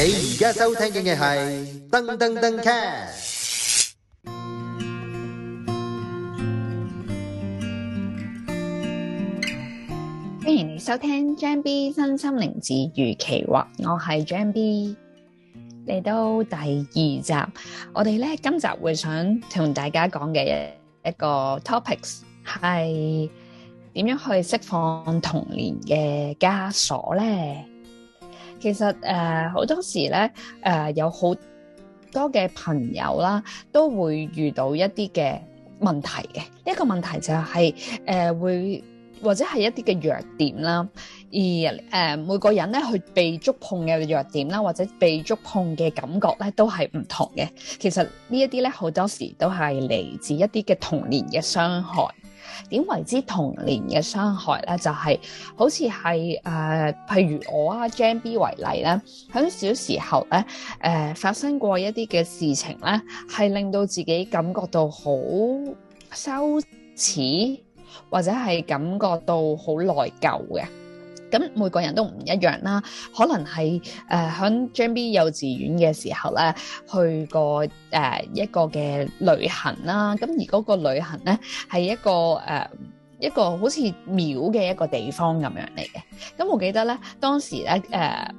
你而家收聽嘅係噔噔噔 cast，歡迎你收聽張 B 身心靈治愈奇畫，我係張 B，嚟到第二集，我哋咧今集會想同大家講嘅一一個 topics 係點樣去釋放童年嘅枷鎖咧？其實誒，好多時咧誒，有好多嘅朋友啦，都會遇到一啲嘅問題嘅。一個問題就係誒會或者係一啲嘅弱點啦，而誒每個人咧去被觸碰嘅弱點啦，或者被觸碰嘅感覺咧，都係唔同嘅。其實呢一啲咧，好多時都係嚟自一啲嘅童年嘅傷害。點為之童年嘅傷害咧？就係、是、好似係誒，譬如我啊 ，Jam B 為例咧，響小時候咧，誒、呃、發生過一啲嘅事情咧，係令到自己感覺到好羞恥，或者係感覺到好內疚嘅。咁每個人都唔一樣啦，可能係誒響 JMB 幼稚園嘅時候咧，去過誒、呃、一個嘅旅行啦，咁而嗰個旅行咧係一個誒、呃、一個好似廟嘅一個地方咁樣嚟嘅。咁、嗯、我記得咧，當時咧誒、呃、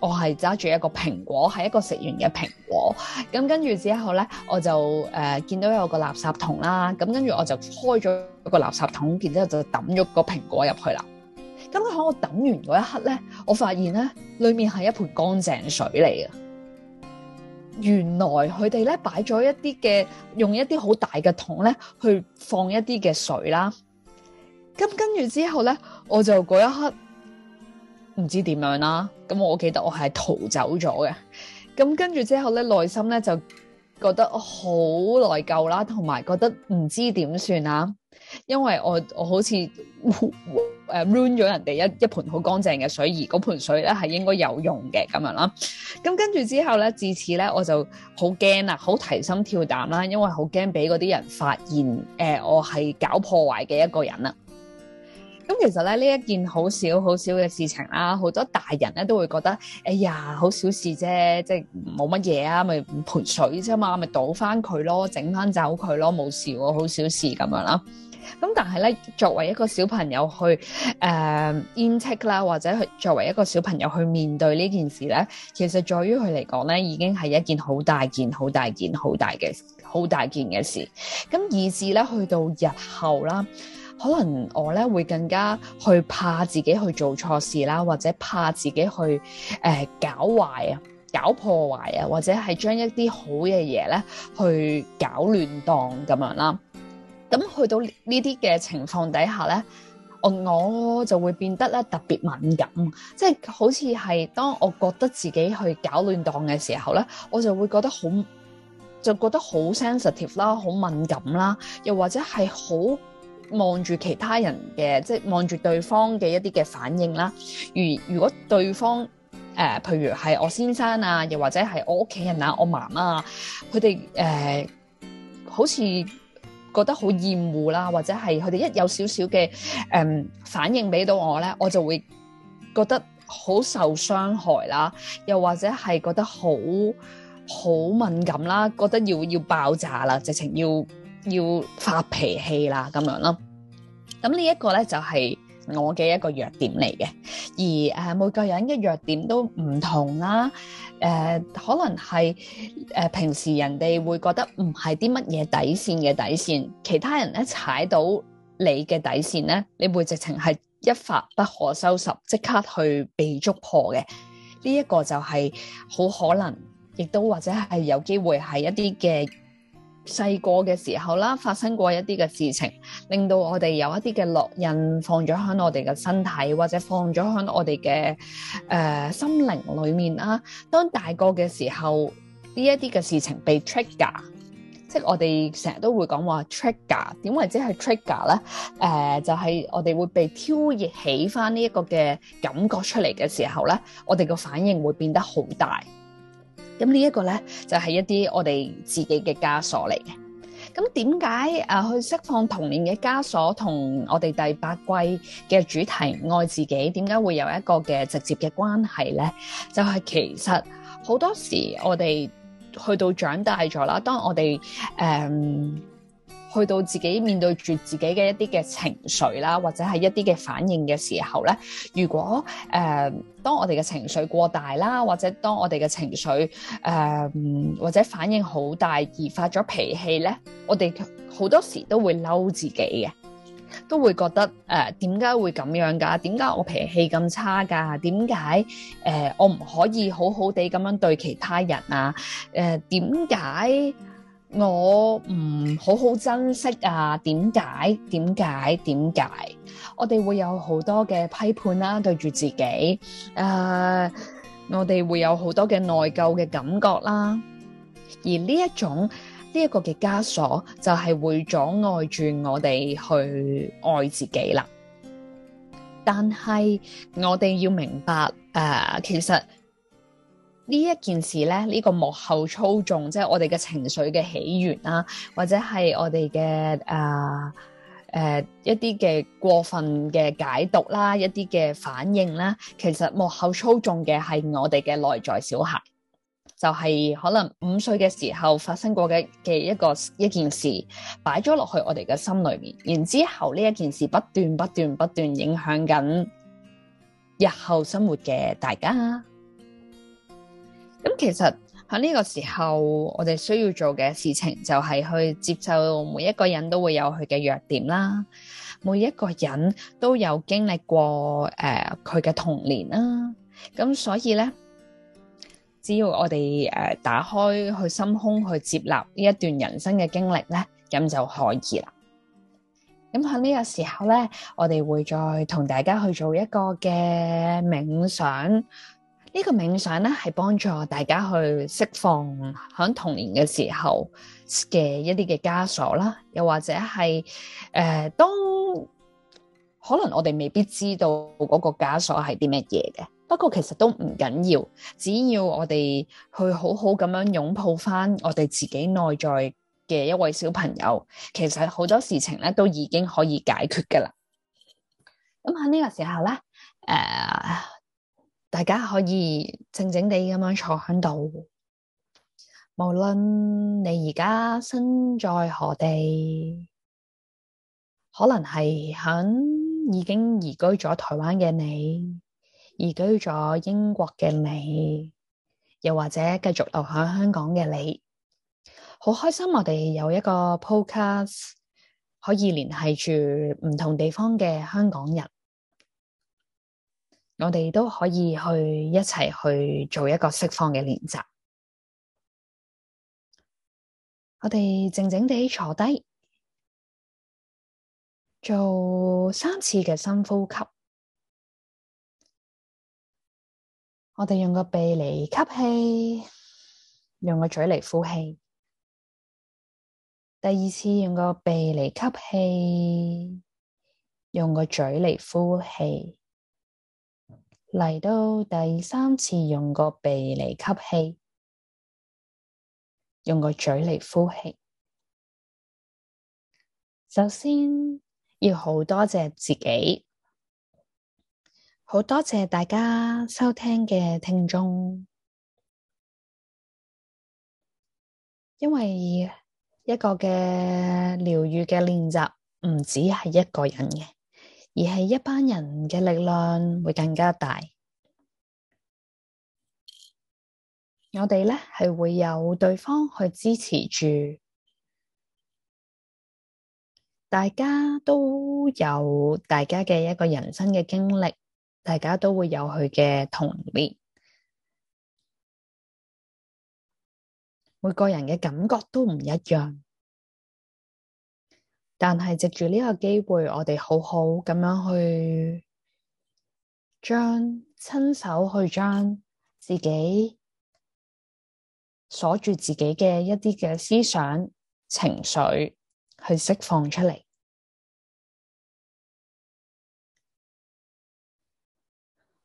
我係揸住一個蘋果，係一個食完嘅蘋果。咁跟住之後咧，我就誒、呃、見到有個垃圾桶啦，咁跟住我就開咗個垃圾桶，然之後就抌咗個蘋果入去啦。當我揼完嗰一刻咧，我發現咧裏面係一盆乾淨水嚟嘅。原來佢哋咧擺咗一啲嘅，用一啲好大嘅桶咧去放一啲嘅水啦。咁跟住之後咧，我就嗰一刻唔知點樣啦。咁我記得我係逃走咗嘅。咁跟住之後咧，內心咧就覺得好內疚啦，同埋覺得唔知點算啊。因為我我好似誒 run 咗人哋一一盆好乾淨嘅水，而嗰盆水咧係應該有用嘅咁樣啦。咁跟住之後咧，自此咧我就好驚啦，好提心吊膽啦，因為好驚俾嗰啲人發現誒、呃、我係搞破壞嘅一個人啦。咁其實咧呢一件好少好少嘅事情啦，好多大人咧都會覺得哎呀好小事啫，即係冇乜嘢啊，咪盆水啫嘛，咪倒翻佢咯，整翻走佢咯，冇事喎，好小事咁樣啦。咁但係咧，作為一個小朋友去誒、厭、呃、斥啦，或者去作為一個小朋友去面對呢件事咧，其實在於佢嚟講咧，已經係一件好大件、好大件、好大嘅好大件嘅事。咁以至咧，去到日後啦，可能我咧會更加去怕自己去做錯事啦，或者怕自己去誒、呃、搞壞啊、搞破壞啊，或者係將一啲好嘅嘢咧去搞亂當咁樣啦。咁去到呢啲嘅情況底下咧，我我就會變得咧特別敏感，即係好似係當我覺得自己去搞亂檔嘅時候咧，我就會覺得好就覺得好 sensitive 啦，好敏感啦，又或者係好望住其他人嘅，即係望住對方嘅一啲嘅反應啦。如如果對方誒、呃，譬如係我先生啊，又或者係我屋企人啊，我媽媽啊，佢哋誒好似，覺得好厭惡啦，或者係佢哋一有少少嘅誒反應俾到我咧，我就會覺得好受傷害啦，又或者係覺得好好敏感啦，覺得要要爆炸啦，直情要要發脾氣啦咁樣咯。咁呢一個咧就係、是、我嘅一個弱點嚟嘅，而誒、呃、每個人嘅弱點都唔同啦。誒、呃、可能係誒、呃、平時人哋會覺得唔係啲乜嘢底線嘅底線，其他人咧踩到你嘅底線咧，你會直情係一發不可收拾，即刻去被捉破嘅。呢、這、一個就係好可能，亦都或者係有機會係一啲嘅。細個嘅時候啦，發生過一啲嘅事情，令到我哋有一啲嘅烙印放咗喺我哋嘅身體，或者放咗喺我哋嘅誒心靈裏面啦。當大個嘅時候，呢一啲嘅事情被 trigger，即係我哋成日都會講話 trigger。點為之係 trigger 咧？誒，就係、是、我哋會被挑熱起翻呢一個嘅感覺出嚟嘅時候咧，我哋個反應會變得好大。咁、嗯，這個、呢、就是、一個咧就係一啲我哋自己嘅枷鎖嚟嘅。咁點解誒去釋放童年嘅枷鎖，同我哋第八季嘅主題愛自己，點解會有一個嘅直接嘅關係咧？就係、是、其實好多時我哋去到長大咗啦，當我哋誒。嗯去到自己面對住自己嘅一啲嘅情緒啦，或者係一啲嘅反應嘅時候咧，如果誒、呃、當我哋嘅情緒過大啦，或者當我哋嘅情緒誒、呃、或者反應好大而發咗脾氣咧，我哋好多時都會嬲自己嘅，都會覺得誒點解會咁樣㗎？點解我脾氣咁差㗎？點解誒我唔可以好好地咁樣對其他人啊？誒點解？我唔好好珍惜啊？點解？點解？點解？我哋會有好多嘅批判啦，對住自己。誒，我哋會有好多嘅內疚嘅感覺啦。而呢一種呢一個嘅枷鎖，就係會阻礙住我哋去愛自己啦。但係我哋要明白，誒，其實。呢一件事咧，呢個幕後操縱，即係我哋嘅情緒嘅起源啦，或者係我哋嘅誒誒一啲嘅過分嘅解讀啦，一啲嘅反應啦，其實幕後操縱嘅係我哋嘅內在小孩，就係可能五歲嘅時候發生過嘅嘅一個一件事，擺咗落去我哋嘅心裏面，然之後呢一件事不斷不斷不斷影響緊日後生活嘅大家。咁其實喺呢個時候，我哋需要做嘅事情就係去接受每一個人都會有佢嘅弱點啦，每一個人都有經歷過誒佢嘅童年啦。咁所以咧，只要我哋誒、呃、打開去心胸去接納呢一段人生嘅經歷咧，咁就可以啦。咁喺呢個時候咧，我哋會再同大家去做一個嘅冥想。呢個冥想咧，係幫助大家去釋放喺童年嘅時候嘅一啲嘅枷鎖啦，又或者係誒、呃，當可能我哋未必知道嗰個枷鎖係啲咩嘢嘅，不過其實都唔緊要，要，只要我哋去好好咁樣擁抱翻我哋自己內在嘅一位小朋友，其實好多事情咧都已經可以解決噶啦。咁喺呢個時候咧，誒、呃。大家可以靜靜地咁樣坐喺度，無論你而家身在何地，可能係肯已經移居咗台灣嘅你，移居咗英國嘅你，又或者繼續留喺香港嘅你，好開心我哋有一個 Podcast 可以聯繫住唔同地方嘅香港人。我哋都可以去一齊去做一個釋放嘅練習。我哋靜靜地坐低，做三次嘅深呼吸。我哋用個鼻嚟吸氣，用個嘴嚟呼氣。第二次用個鼻嚟吸氣，用個嘴嚟呼氣。嚟到第三次，用個鼻嚟吸氣，用個嘴嚟呼氣。首先，要好多謝自己，好多謝大家收聽嘅聽眾，因為一個嘅療癒嘅練習唔止係一個人嘅。而係一班人嘅力量會更加大。我哋呢係會有對方去支持住，大家都有大家嘅一個人生嘅經歷，大家都會有佢嘅童年，每個人嘅感覺都唔一樣。但係藉住呢個機會，我哋好好咁樣去將親手去將自己鎖住自己嘅一啲嘅思想情緒去釋放出嚟。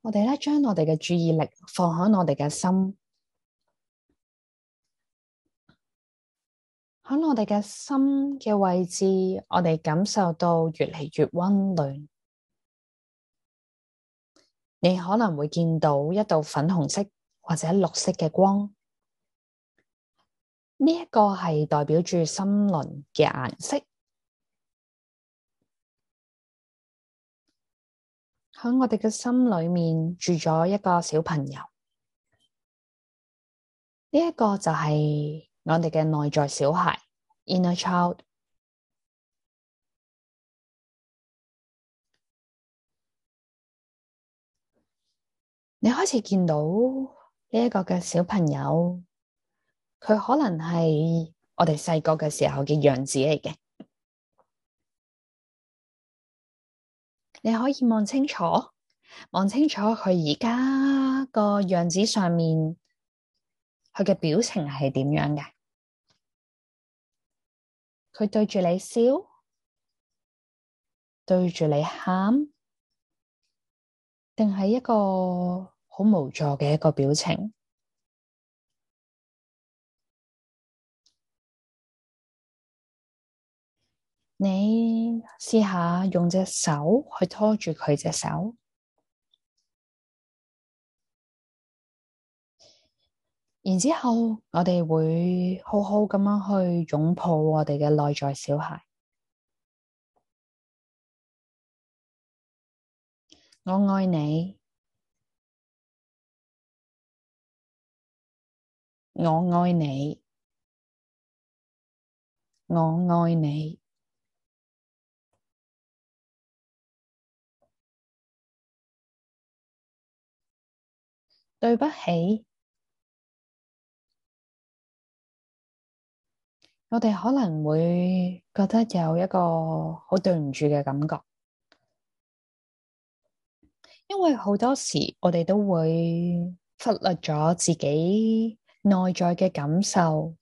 我哋咧將我哋嘅注意力放喺我哋嘅心。喺我哋嘅心嘅位置，我哋感受到越嚟越溫暖。你可能會見到一道粉紅色或者綠色嘅光，呢一個係代表住心輪嘅顏色。喺我哋嘅心裏面住咗一個小朋友，呢一個就係。我哋嘅內在小孩 （inner child），你開始見到呢一個嘅小朋友，佢可能係我哋細個嘅時候嘅樣子嚟嘅。你可以望清楚，望清楚佢而家個樣子上面，佢嘅表情係點樣嘅？佢對住你笑，對住你喊，定係一個好無助嘅一個表情？你試下用隻手去拖住佢隻手。然之後，我哋會好好咁樣去擁抱我哋嘅內在小孩。我愛你，我愛你，我愛你，愛你，對不起。我哋可能會覺得有一個好對唔住嘅感覺，因為好多時我哋都會忽略咗自己內在嘅感受，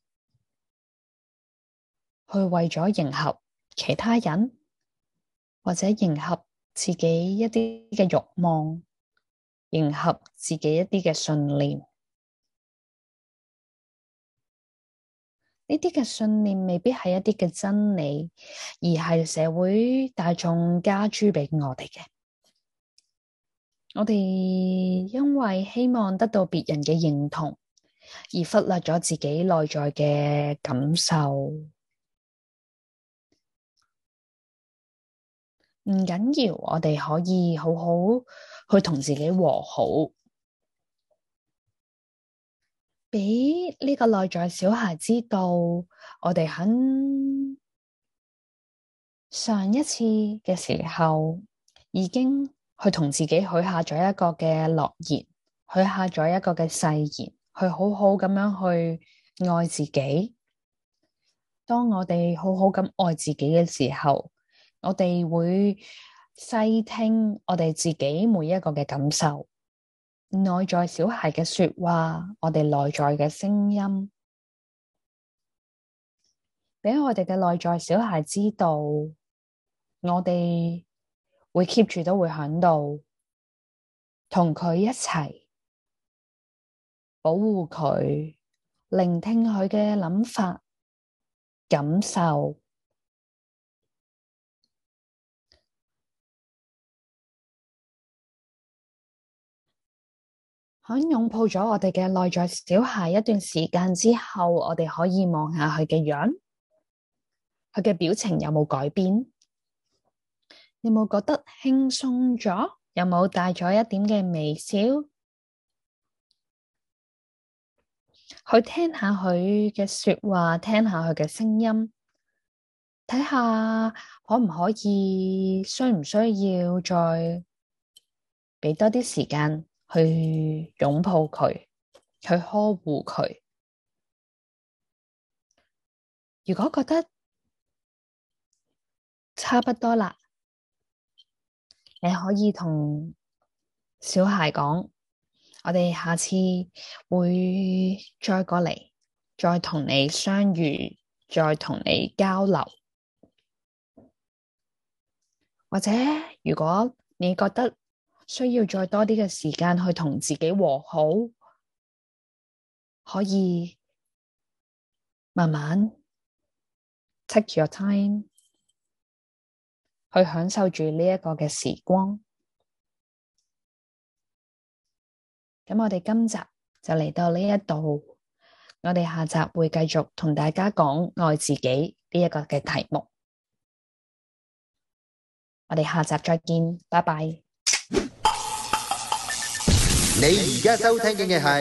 去為咗迎合其他人，或者迎合自己一啲嘅欲望，迎合自己一啲嘅信念。呢啲嘅信念未必係一啲嘅真理，而係社會大眾加諸俾我哋嘅。我哋因為希望得到別人嘅認同，而忽略咗自己內在嘅感受。唔緊要，我哋可以好好去同自己和好。畀呢個內在小孩知道，我哋喺上一次嘅時候，已經去同自己許下咗一個嘅諾言，許下咗一個嘅誓言，去好好咁樣去愛自己。當我哋好好咁愛自己嘅時候，我哋會細聽我哋自己每一個嘅感受。內在小孩嘅說話，我哋內在嘅聲音，畀我哋嘅內在小孩知道，我哋會 keep 住都會響度同佢一齊保護佢，聆聽佢嘅諗法、感受。喺擁抱咗我哋嘅內在小孩一段時間之後，我哋可以望下佢嘅樣，佢嘅表情有冇改變？你有冇覺得輕鬆咗？有冇帶咗一點嘅微笑？去聽下佢嘅說話，聽下佢嘅聲音，睇下可唔可以？需唔需要再畀多啲時間？去擁抱佢，去呵護佢。如果覺得差不多啦，你可以同小孩講：我哋下次會再過嚟，再同你相遇，再同你交流。或者，如果你覺得，需要再多啲嘅時間去同自己和好，可以慢慢 take your time 去享受住呢一個嘅時光。咁我哋今集就嚟到呢一度，我哋下集會繼續同大家講愛自己呢一個嘅題目。我哋下集再見，拜拜。你而家收聽嘅係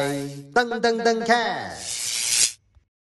噔噔噔 cat